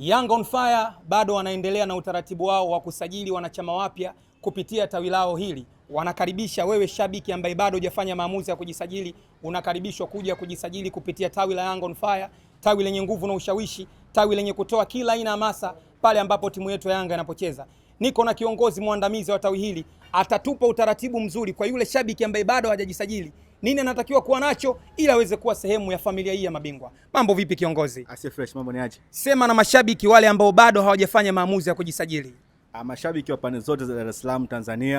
Young on Fire bado wanaendelea na utaratibu wao wa kusajili wanachama wapya kupitia tawi lao hili. Wanakaribisha wewe shabiki ambaye bado hujafanya maamuzi ya kujisajili, unakaribishwa kuja kujisajili kupitia tawi la Young on Fire, tawi lenye nguvu na ushawishi, tawi lenye kutoa kila aina ya hamasa pale ambapo timu yetu ya Yanga inapocheza. Niko na kiongozi mwandamizi wa tawi hili, atatupa utaratibu mzuri kwa yule shabiki ambaye bado hajajisajili nini anatakiwa kuwa nacho ili aweze kuwa sehemu ya familia hii ya mabingwa. Mambo vipi kiongozi? Asiye fresh, mambo ni aje? Sema na mashabiki wale ambao bado hawajafanya maamuzi ya kujisajili. Ah, mashabiki wa pande zote za Dar es Salaam Tanzania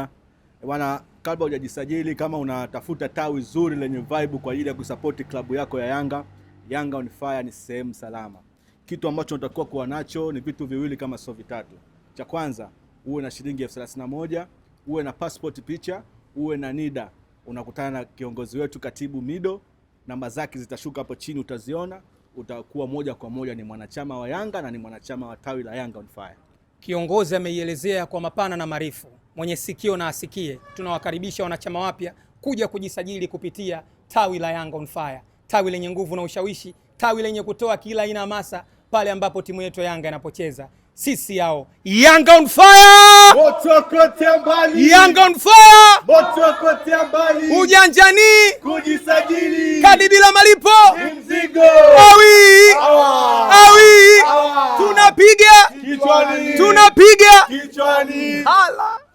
eh, bwana, kabla hujajisajili, kama unatafuta tawi zuri lenye vibe kwa ajili ya kusapoti klabu yako ya Yanga, Yanga on Fire ni sehemu salama. Kitu ambacho unatakiwa kuwa nacho ni vitu viwili kama sio vitatu. Cha kwanza uwe na shilingi elfu thelathini na moja uwe na passport picha, uwe na NIDA unakutana na kiongozi wetu katibu Mido, namba zake zitashuka hapo chini, utaziona. Utakuwa moja kwa moja ni mwanachama wa Yanga na ni mwanachama wa tawi la Yanga on Fire. Kiongozi ameielezea kwa mapana na marefu, mwenye sikio na asikie. Tunawakaribisha wanachama wapya kuja kujisajili kupitia tawi la Yanga on Fire, tawi lenye nguvu na ushawishi, tawi lenye kutoa kila aina hamasa pale ambapo timu yetu ya Yanga inapocheza sisi yao Young on fire, moto kote mbali. Young on fire, moto kote mbali. Ujanjani kujisajili, kadi bila malipo mzigo. Awi awi, tunapiga kichwani, tunapiga kichwani, hala